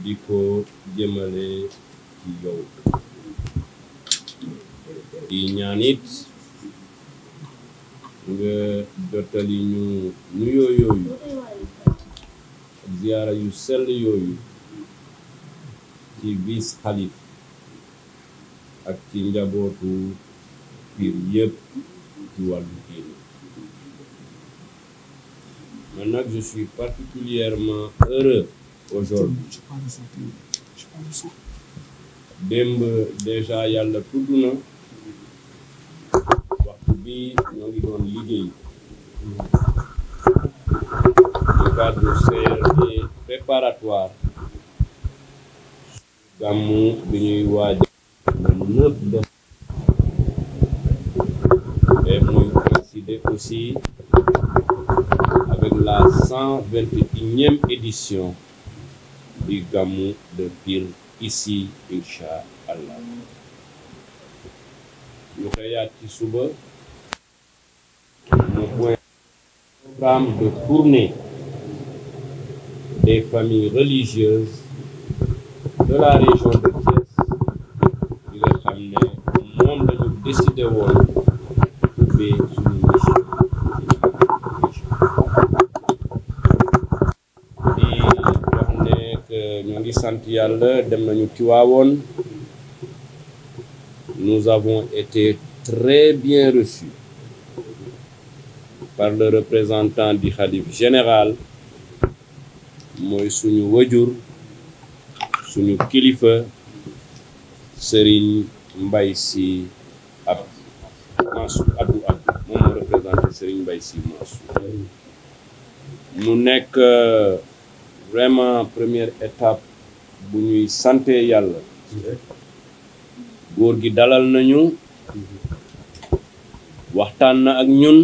di ko jëmale ci yow di ñaan nga jottali ñu nuyoo yooyu ziyaara yu sell yooyu ci bis xalif ak ci njabootu piir yépp ci wàllu diine man nag je suis heureux aujourd'hui démb déjà yàlla tudd waxtu bi ñoo ngi doon liggéey ci cadre préparatoire gàmmu bi ñuy waaj le neuf décembre et muy coïncider aussi avec la cent du Gamou de Pire ici incha allah ñu xëyaat ci suba mu point programme de tournée des familles religieuses de la région de Thiès bi nga xam ne moom lañu décidé woon ngi sant yàlla dem nañu Tiwaawoon nous avons été très bien reçus par le représentant du xalif général mooy suñu wajur suñu kilifa Serigne Mbaye Sy ab Mansour Abdou Abdou moom nekk euh, vraiment première étape bu ñuy santee yàlla góor gi dalal nañu waxtaan na ak ñun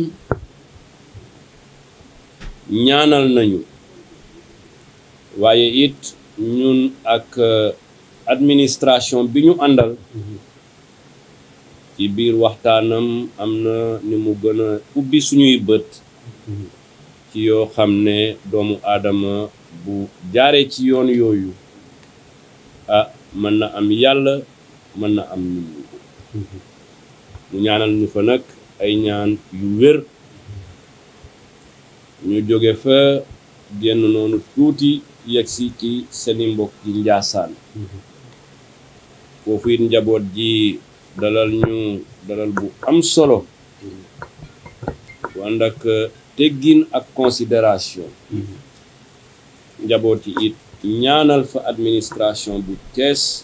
ñaanal nañu waaye it ñun ak euh, administration bi ñu àndal ci biir waxtaanam am na ni mu gën a ubbi suñuy bët ci yoo xam ne doomu aadama bu jaaree ci yoon yooyu a ah, mën na am yàlla mën na am nit ñaanal ñu fa nag ay ñaan yu wér ñu jóge fa génn noonu tuuti yegsi ci seeni mbokk yi njaasaan foofu it njaboot ji dalal ñu dalal bu am solo wandak ak teggin ak considération njaboot yi ñaanal fa administration bu Thiès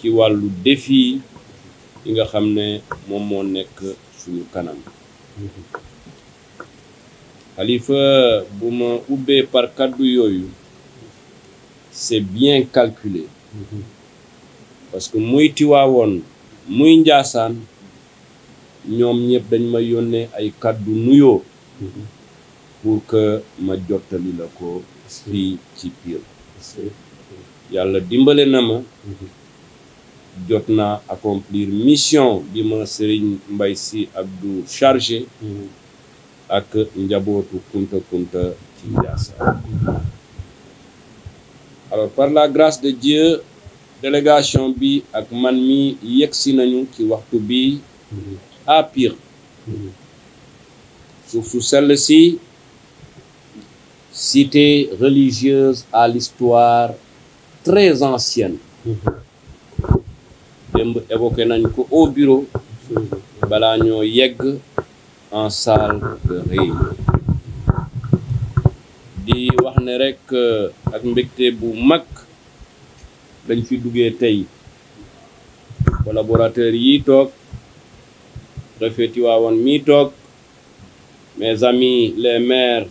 ci wàllu défi yi nga xam ne moom moo nekk suñu kanam xalifa bu ma ubbee par kàddu yooyu c'est bien calculé parce que muy tiwaawoon muy njaasaan ñoom ñëpp dañ ma yónnee ay kàddu nuyoo pour que ma jottali la ko lii ci biir yàlla dimbale na ma jot na accomplir mission bi ma sëriñ mbay si abdou chargé ak njabootu kunta kunta ci Ndiassane alors par la grâce de Dieu délégation bi ak man mi yegsi nañu ci waxtu bi à Pire mm-hmm. suuf su sell si cité religieuse à l'histoire très ancienne démb évoqué nañ ko au bureau balaa ñoo yegg en salle de réunion di wax ne rek euh, ak mbégte bu mag dañ fi duggee tey collaborateurs yi toog préfet Tivaouane mii toog mes amis les maires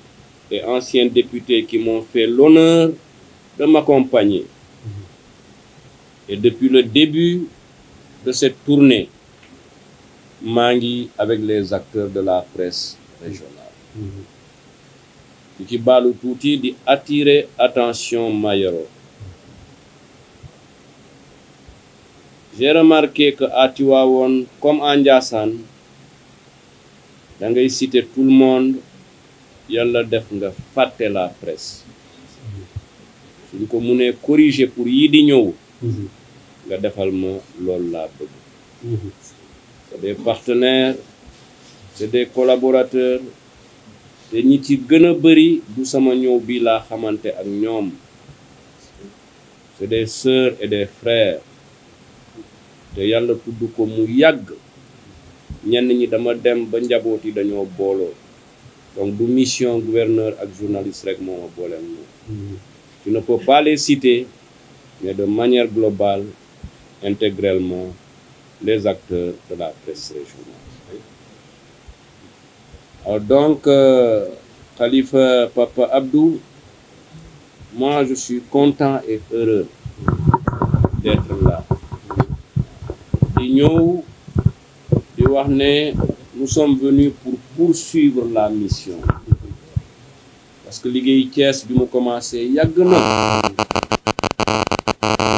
et anciens députés qui m'ont fait l'honneur de m'accompagner. Et depuis le début de cette tournée, Mangui avec les acteurs de la presse régionale. ci baalu tuuti di attirer attention Mayoro j'ai remarqué que à comme à Ndiassane da ngay citer tout le monde yàlla def nga fàtte la presse suñ ko mu mënee corriger pour yii di ñëw nga defal ma loolu laa bëgg c'est des partenaires c'est des collaborateurs te ñi ci gën a bëri du sama ñëw bi laa xamante ak ñoom c'est des sœurs et des frères te yàlla tudd ko mu yàgg ñenn ñi dama dem ba njaboot yi dañoo booloo donc du mission gouverneur ak journaliste rek moo ma booleem moom mm-hmm. ne peux pas les citer mais de manière globale intégralement les acteurs de la presse régionale donc euh, Khalifa Papa Abdou moi je suis content et heureux d'être là di ñëw di wax nous sommes venus pour poursuivre la mission parce que liggéey Thiès bi mu commencé yàgg na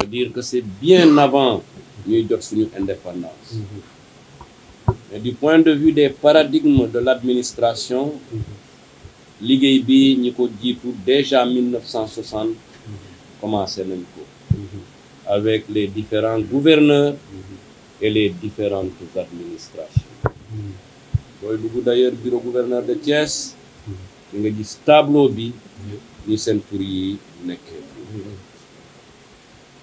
dire que c'est bien avant ñuy jot suñu indépendance du point de vue des paradigmes de l'administration liggéey bi ñi ko jiitu déjà 1960 commencé nañ ko avec les différents gouverneurs et les différentes administrations booy dugg d'ailleurs bureau gouverneur de Thiès di hmm. nga gis tableau bi ni seen pour yi nekkee hmm.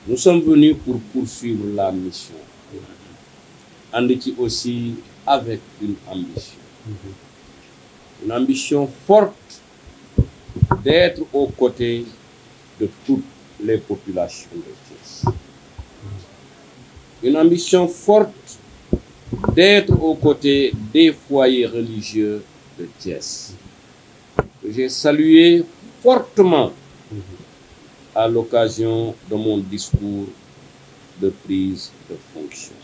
nous sommes venus pour poursuivre la mission hmm. ànd ci aussi avec une ambition une ambition forte d'être aux côtés de toutes les populations de Thiès une ambition forte d'être aux côtés des foyers religieux de Thiès. J'ai salué fortement à l'occasion de mon discours de prise de fonction.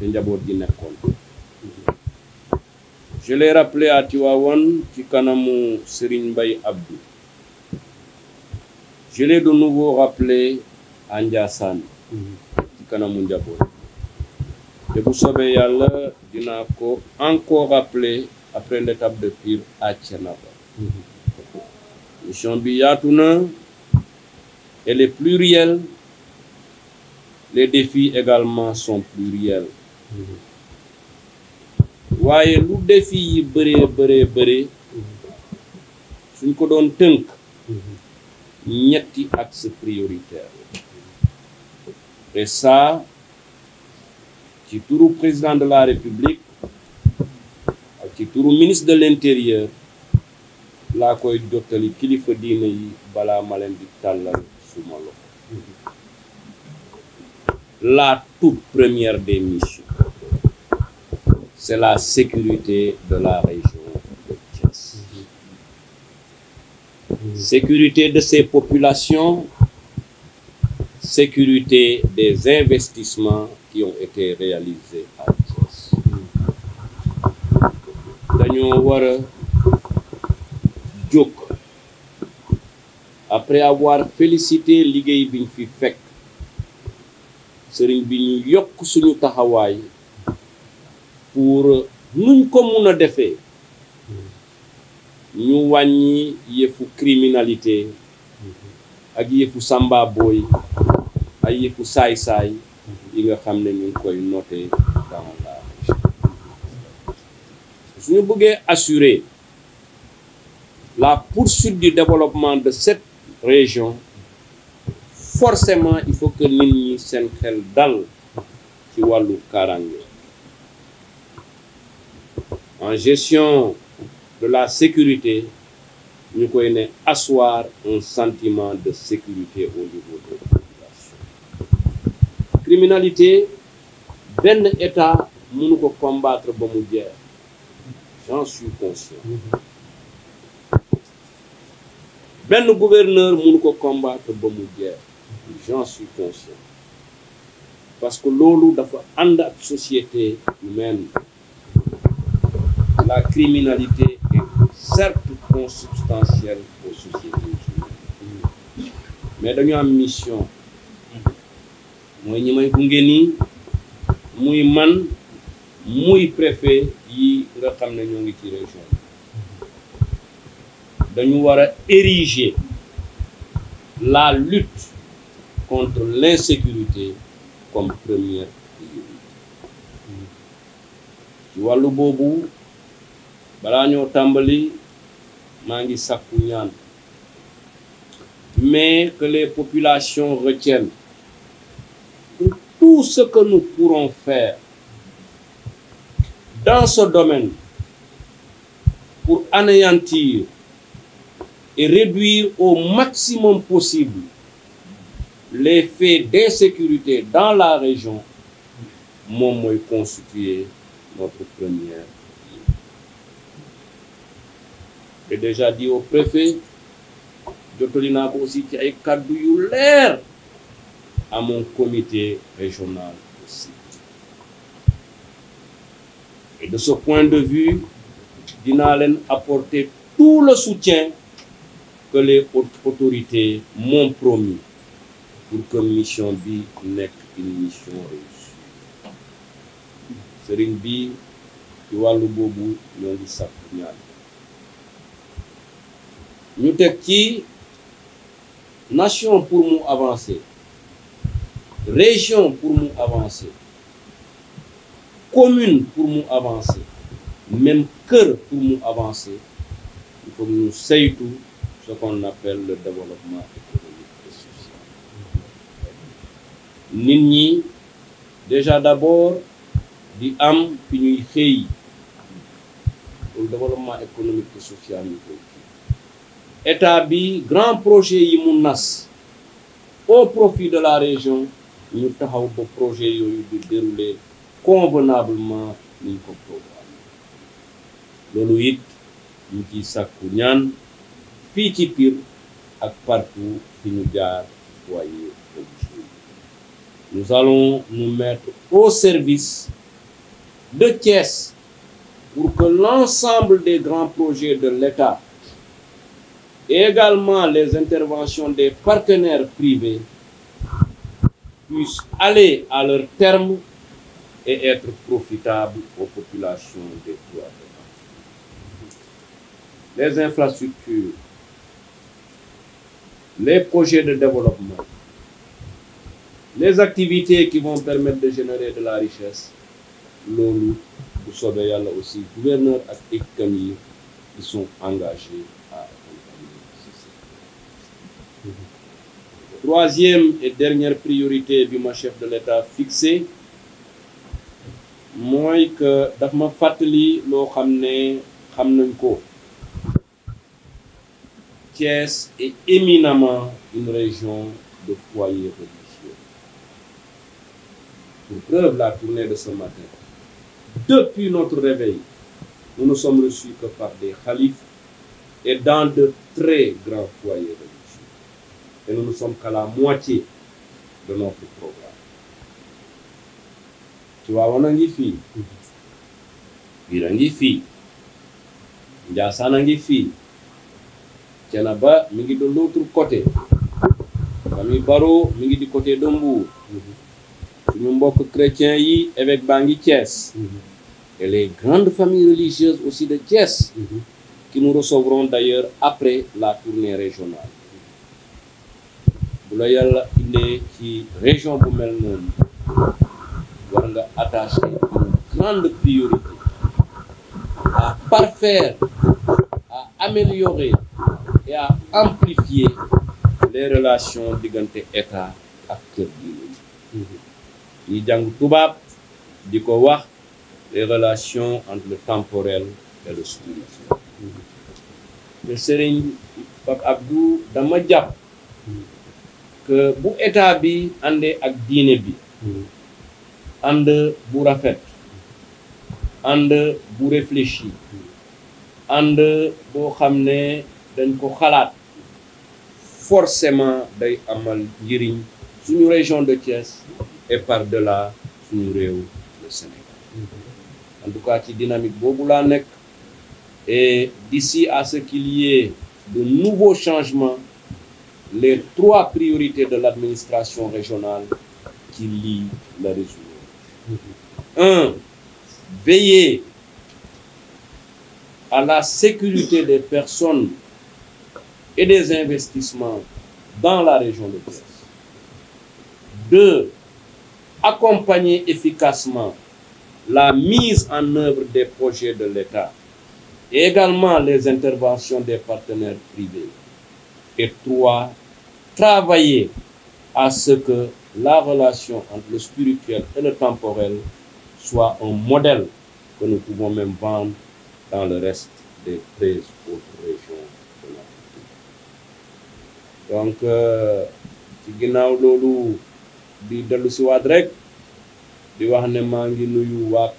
njaboot gi nekkoon je l'ai rappelé à Tivaouane ci kanamu Serigne Mbaye Abdou je l'ai de nouveau rappelé à Ndiassane te bu soobee yàlla dina ko encore rappeler après l'étape de Pire à Thiénaba mission bi yaatu na e est plurielle les défis également sont pluriels waaye lu défi yi bëree bëree bëree suñ ko doon tënk ñetti axes prioritaires et ça ci turu président de la de l'intérieur koy jottali kilifa diine yi balaa ma leen di tàllal suma toute première des missions c'est la sécurité de la région de Thiès sécurité de ses populations sécurité des investissements qui dañoo war a jóg après avoir félicité liggéey biñ fi fekk sëriñ bi ñu yokk suñu taxawaay pour nuñ ko mun a defee ñu wàññi yëfu criminalité ak yëfu samba booy ay yëfu saay-saay yi nga xam ne ñu ngi koy noter dans la région suñu bëggee assurer la poursuite du développement de cette région forcément il faut que nit ñi seen xel dal ci wàllu kaaraange en gestion de la sécurité ñu koy ne asseoir un sentiment de sécurité au niveau de criminalité benn état mënu ko combattre ba mu jeex j'en suis conscient benn gouverneur mënu ko combattre ba mu jeex j'en suis conscient parce que loolu dafa ànd ak société humaine la criminalité est certes consubstantielle aux sociétés humaines mais dañu am mission mooy ñi may gunge ni muy man muy préfet yi nga xam ne ñoo ngi ci région dañu war a ériger la lutte contre l'insécurité comme première ci wàllu boobu bala ñoo tàmbali maa ngi sakku ñaan mais que les populations retiennent tout ce que nous pourrons faire dans ce domaine pour anéantir et réduire au maximum possible les faits d'insécurité dans la région moom mooy constituer notre première j'ai déjà dit au préfet jottali ko aussi ci ay kàddu yu leer à mon comité régional de ce point de vue, dinaa leen apporter tout le soutien que les autorités m'ont promis pour que mission bi nekk une mission réussie sëriñ bi ci wàllu boobu ñoo ngi sàkku ñaan ñu teg ci nation pour mu avancer région pour mu avancer commune pour mu avancer même kër pour mu avancer il faut ñu saytu ce qu'on appelle le développement économique et social nit ñi déjà d'abord di am fi ñuy xëy pour développement économique et social ñu bi grand projet yi mu nas au profit de la région ñu taxaw ba projet yooyu di dérouler convenablement ni ñu programme loolu it ñu ciy sàkku ñaan fii ci Pire ak partout fi ñu jaar foyer religieux nous allons nous mettre au service de Thiès pour que l'ensemble des grands projets de l'État et également les interventions des partenaires privés puissent aller à leur terme et être profitables aux populations des trois départements. Les infrastructures, les projets de développement, les activités qui vont permettre de générer de la richesse, loolu bu soobee yàlla aussi gouverneur ak économie ils sont engagés troisième et dernière priorité bi ma chef de l'État fixé mooy que daf ma fàttali loo xam ne xam nañ ko Thiès est éminemment une région de foyer religieux pour preuve la tournée de ce matin depuis notre réveil nous ne sommes reçus que par des khalifes et dans de très grands foyers et nous ne sommes moitié de notre programme. Tivaouane a ngi fii Pire a ngi fii Ndiassane a ngi fii Thiénaba mi ngi de l'autre côté famille Baro mi ngi di côté de Mbour suñu mbokk chrétien yi évêque baa ngi Thiès et les grandes familles religieuses aussi de Thiès mhm. qui nous recevront d'ailleurs après la tournée régionale bu la yàlla indee ci région bu mel noonu war nga attacher une grande priorité à parfaire à améliorer et à amplifier les relations diggante état ak kër diine yi jàng di ko wax les relations entre temporel et le spirituel te Serigne Pape Abdou dama jàpp bu état bi àndee ak diine bi ànd bu rafet ànd bu réfléchi ànd boo xam ne dañ ko xalaat forcément day amal njëriñ suñu région de Thiès et par delà suñu réew le Sénégal en ci dynamique boobu laa nekk et d'ici à ce qu'il y ait de nouveaux changements les trois priorités de l'administration régionale qui lient le résumé. Un, veiller à la sécurité des personnes et des investissements dans la région de Thiès. Deux, accompagner efficacement la mise en œuvre des projets de l'État et également les interventions des partenaires privés. Et trois, travailler à ce que la relation entre le spirituel et le temporel soit un modèle que nous pouvons même vendre dans le reste des 13 autres régions de l'Afrique. donc euh, ci ginnaaw loolu di dellu si waat rek di wax ne maa ngi nuyu waa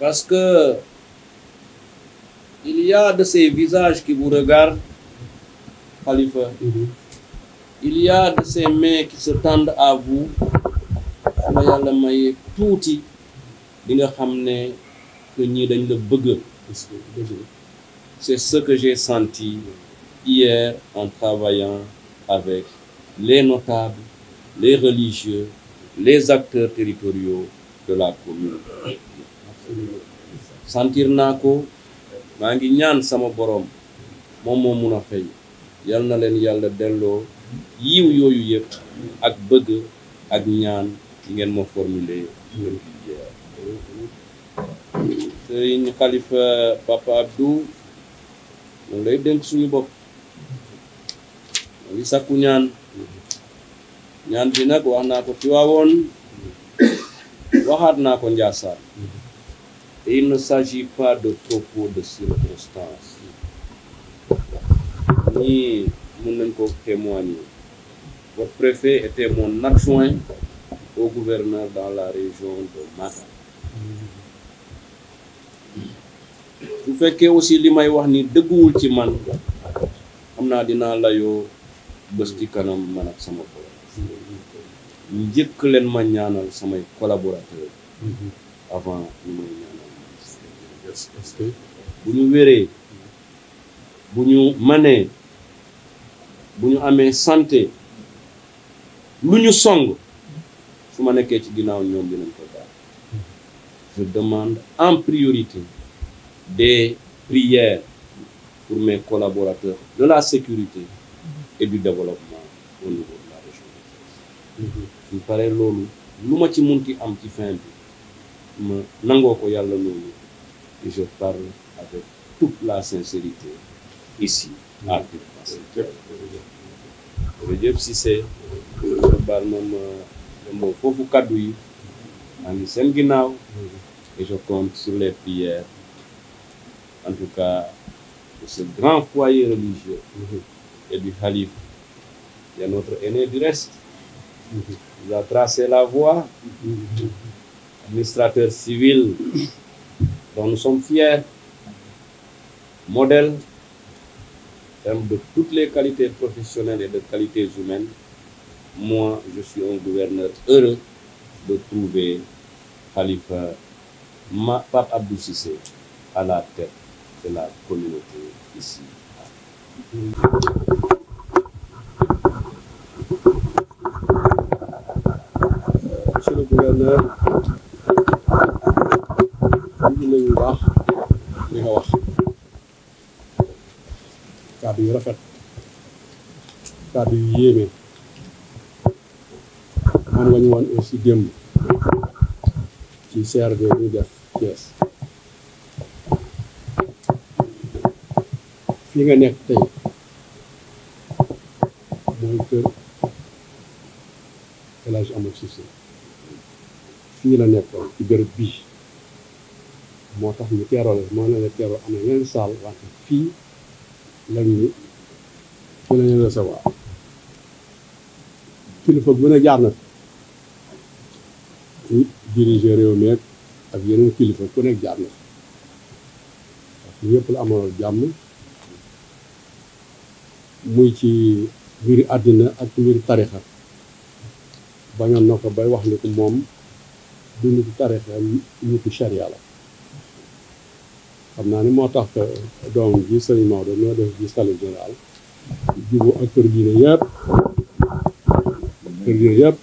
parce que Il y a de ces visages qui vous regardent, Khalifa. Mhm. Il y a de ces mains qui se tendent à vous. su la yàlla mayee tuuti di nga xam ne que ñii dañ le bëgg. C'est ce que j'ai senti hier en travaillant avec les notables, les religieux, les acteurs territoriaux de la commune. Sentir naa maa ngi ñaan sama boroom moom moo mun a fay yal na leen yàlla delloo yiw yooyu yëpp ak bëgg ak ñaan yi ngeen ma formuler sëriñ xalifa papa abdou mu lay dénk suñu bopp mu ngi sakku ñaan ñaan bi nag wax naa ko ci waxaat naa ko njaasaan Et il ne s'agit pas de propos de circonstance ñii mën nañ ko témoigner votre préfet était mon adjoint au gouverneur dans la région de Matam bu fekkee aussi li may wax ni dëgguwul ci man xam naa dinaa layoo bés ci kanam man ak sama borom njëkk leen ma ñaanal samay collaborateurs avant ñu may ñaan bu ñu wéree bu ñu manee bu ñu amee santé lu ñu song su ma nekkee ci ginnaaw ñoom dinañ ko daal je demande en priorité des prières pour mes collaborateurs de la sécurité et du développement au niveau de la région de paree loolu lu ma ci munti am ci fin bi ma nangoo ko yàlla loolu Et je parle avec toute la sincérité ici, à Pire mm. jërëjëf Cissé baal ma ma ma foofu kaddu yi maa ngi seen ginnaaw mm. et je compte sur les prières en tout cas de ce grand foyer religieux mm-hmm. et du Khalif et notre aîné du reste mm-hmm. il a la voie mm-hmm. administrateur civil dont nous sommes fiers, modèle en termes de toutes les qualités professionnelles et de qualités humaines. je suis un gouverneur heureux de trouver Khalifa Ma, Pape à la tête de la communauté ici. Monsieur le gouverneur, baax li nga wax kàddu yu rafet kàddu yu yéeme man wañu woon aussi démb ci CRD bi ñu def Thiès fi nga nekk tey mooy kër El Hadj Amadou Cissé fii la nekkoon ci bërëb bii moo tax ñu teeroo la moo ne la am na yeneen saal wante fii lañu fi lañu recevoir kilifa bu jaar na fi diriger réew ak yeneen kilifa ku nekk la amoon jàmm muy ci mbiri àddina ak mbiri tarixa bañoon na ko bay wax ni ko moom du nitu tarixa nitu sharia la xam naa ni moo tax doomam ji sëriñ Maodo ñoo def gis xalif général jubu ak kër diine yëpp kër diine yëpp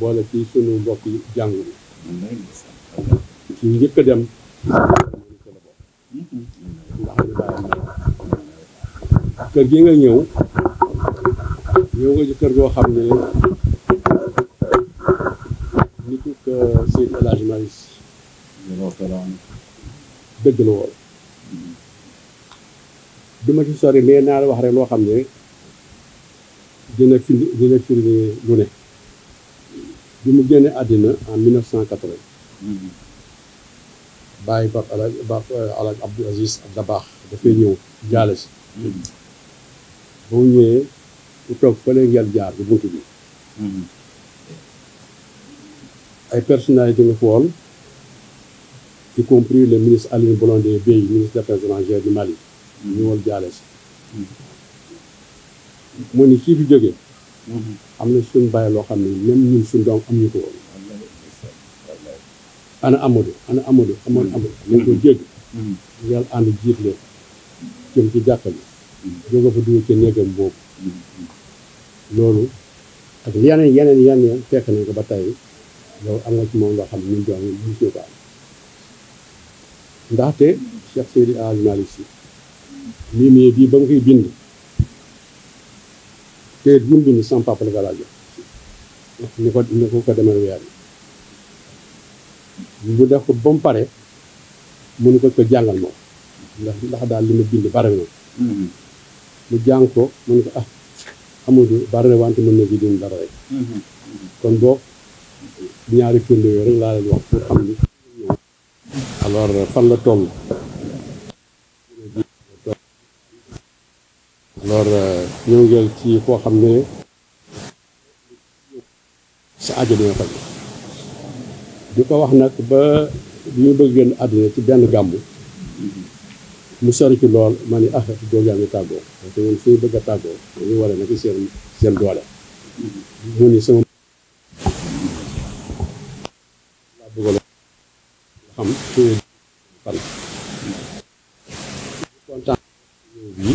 boole ci sunu mbokk yi jàng bi ci njëkk a dem kër gi nga ñëw ñëw nga ci kër goo xam ne ni ko Seydi El Hadji dëgg la woon du ma ci sori mais naa la wax rek loo xam ne dina firi dina firi lu ne bi mu génne àddina en 1980 bàyyi ba alaaj ba alaaj Abdou Aziz Dabaax dafay ñëw jaale si ba mu ñëwee ku toog fële ngeen jaar bu bunt bi mm-hmm. ay personnalité nga foon di compris le ministre Aline Blondin Bèye ministre des Affaires étrangères du Mali mm-hmm. ñu woon jaale si mm-hmm. mu ni sii fi jógee mm-hmm. am na suñ bàyyi loo xam ne même ñun suñ doom am ñu ko woon ana Amadou ana ko jégg ngeen ànd jiit leen ci jàkka bi jóge fa dugg ci néegam boobu loolu ak yeneen ba tey loolu am nga ci moom loo xam ne ñun ko am ndaxte Cheikh Seydi Hadji Malick Sy lii bii ba nga koy bind këyit bi mu bind sama la ko laaj ni ko ni ko ko demal weer yi bu def ko ba mu pare mënu ko ko jàngal moom ndax ndax daal li ma bind bare na mu jàng ko mën ko ah amatu bare na wante mën na ji dund dara rek mhm. kon boo ñaari firnde yooyu rek laa leen wax pour xam ni war fan la toll loolu euh, ñëw ngeen ci foo xam ne sa aajo dina faj di ko wax nag ba ñu bëgg génn àdduna ci benn gàmmu mu sori ci lool ma ni affaire ah, boobu yaa ngi tàggoo parce que ñun bëgg a tàggoo dañu war a nekk seen seen doole mu ni sama laa bëgg la xam fan kontaan bi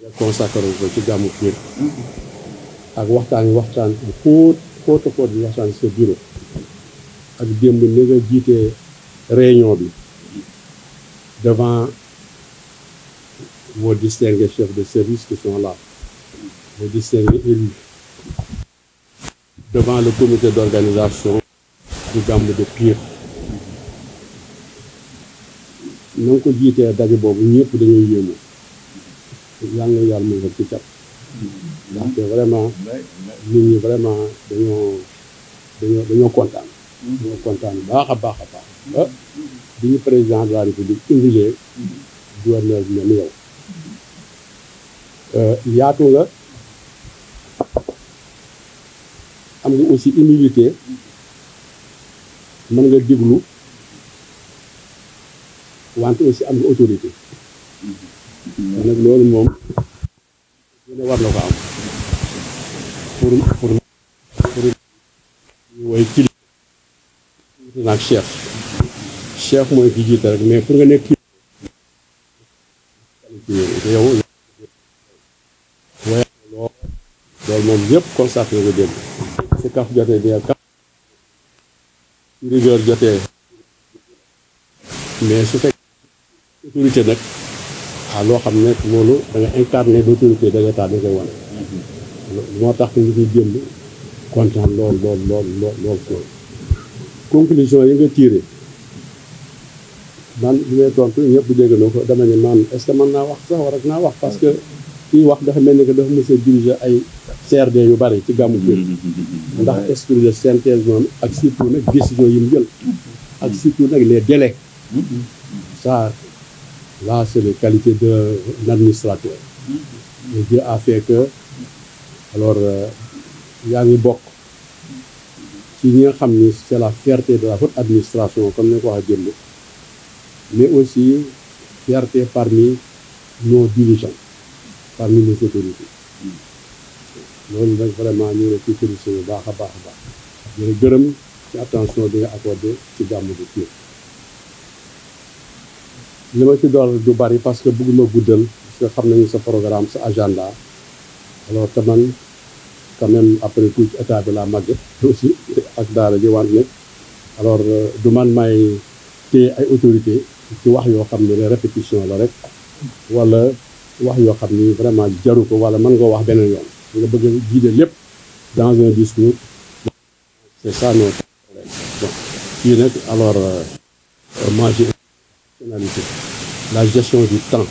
nga consacré ko ci gàmmu Pire ak waxtaan wi waxtaan bu xóot xóota bi waxtaan sa bureau ak démb ni nga jiitee réunion bi devant vos distingués chefs de service qui sont là vos distingués élus devant le comité d'organisation du Gàmmu de Pire na ko jiitee daje boobu ñëpp dañuy yéemu yal na yàlla mu nga ci cat ndaxte vraiment nit ñi vraiment dañoo dañoo dañoo kontaan dañoo kontaan baax a baax a baax ba bi ñu président de la république indilee gouverneur bi ne ni yow euh, yaatu nga am nga aussi humilité mën nga déglu wante aussi am nga autorité mm-hmm. loolu moom gën a pour pour pour ñu woy kilifa naag chef mais nga nekk kilifa moom yëpp constaté nga ko démb su kaf jotee di kaf su rigueur jotee mais su fekk autorité nag ah loo xam ne loolu da nga incarné l'autorité de l'état da wane moo tax ñu ngi jëm kontaan lool lool lool lool lool lool conclusion yi nga tiré man li may tontu ñëpp dégg na ko dama ne man est-ce naa wax sax war ak naa wax parce que kii wax dafa mel ni que dafa mos a ay CRD yu bari ci gàmmu biir mm-hmm. ndax esprit de synthèse moom ak surtout nag décision yi mu jël ak surtout nag les délais mm-hmm. ça là c'est les qualités de l'administrateur mm-hmm. et Dieu a fait alors euh, yaa ngi bokk ci ñi nga xam ni c'est la fierté de la haute administration comme ni ko waxee jënd mais aussi fierté parmi nos dirigeants parmi nos autorités loolu nag vraiment ñu ngi ci bu baax a baax a baax di gërëm ci attention bi nga accordé ci gàmmu bi fii li ma ci door du bari parce que bëgguma guddal parce que xam nañu sa programme sa agenda alors te man quand même après tout ci état bi laa màgg aussi ak daal ji wante nag alors euh, du man may téye ay autorité ci wax yoo xam ne répétition la rek wala wax yoo xam ni vraiment jaru ko wala mën nga wax beneen yoon nga bëgg a jiite lépp dans un discours kii nag alors euh, moi la gestion du temps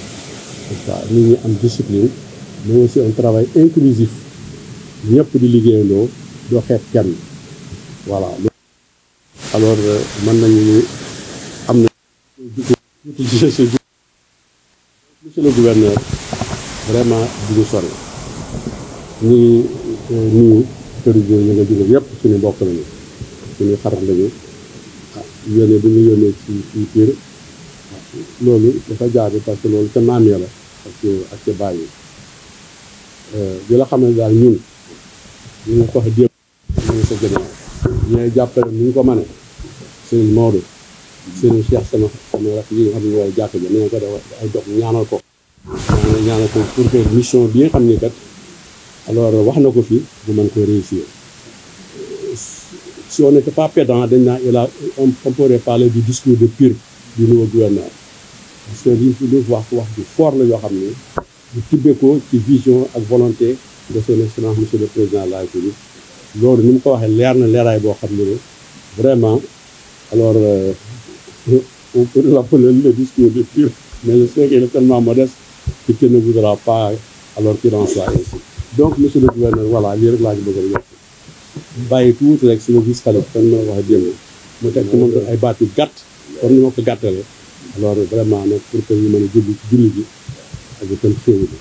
ça nit ñi am discipline mais aussi un travail inclusif ñëpp di liggéeyandoo doo xeet kenn voilà alors euh, mën nañu am na monsieur le gouverneur vraiment du ñu sori Eh, ñu ngi nuyu kër ñu nga jóge yëpp suñu mbokk lañu suñu xarit lañu ah, yónnee bi ñu yónnee ci ci piir ah, loolu dafa jaadu parce que loolu ca maam la ak ca ak ca bàyyi eh, di la xam ne daal ñun ñu ngi ko wax démb ñu ngi ko gënee ñooy jàppale ni ñu ko mënee sëñ Maodo sëñ Cheikh sama sama rakk yi nga xam ne ja ni nga ko def ay dox ñaanal ko ñaanal ko pour que mission bi xam ne kat alors wax na ko fi bu mën ko réussir soo on n'était pas pédant dañ naa il a on pourrait parler du discours de pire du nouveau gouverneur parce que li ñu wax wax ju la yoo xam ne ñu tibbee ko ci vision ak volonté de son excellence monsieur le président de la loolu ni mu ko waxee leer na leeraay boo xam ne vraiment alors euh, on peut l'appeler le discours de pire mais je sais qu'il est tellement modeste qu'il ne voudra pas alors qu'il en soit donc monsieur le gouverneur voilà lii rek laa ci bëgg a yokk bàyyi tuuti rek suñu gis xale kon ma wax démb mu teg ci moom ay baat yu gàtt comme ni ma ko gàttalee alors vraiment nag pour que ñu mën a jublu ci julli bi ak itam xéew bi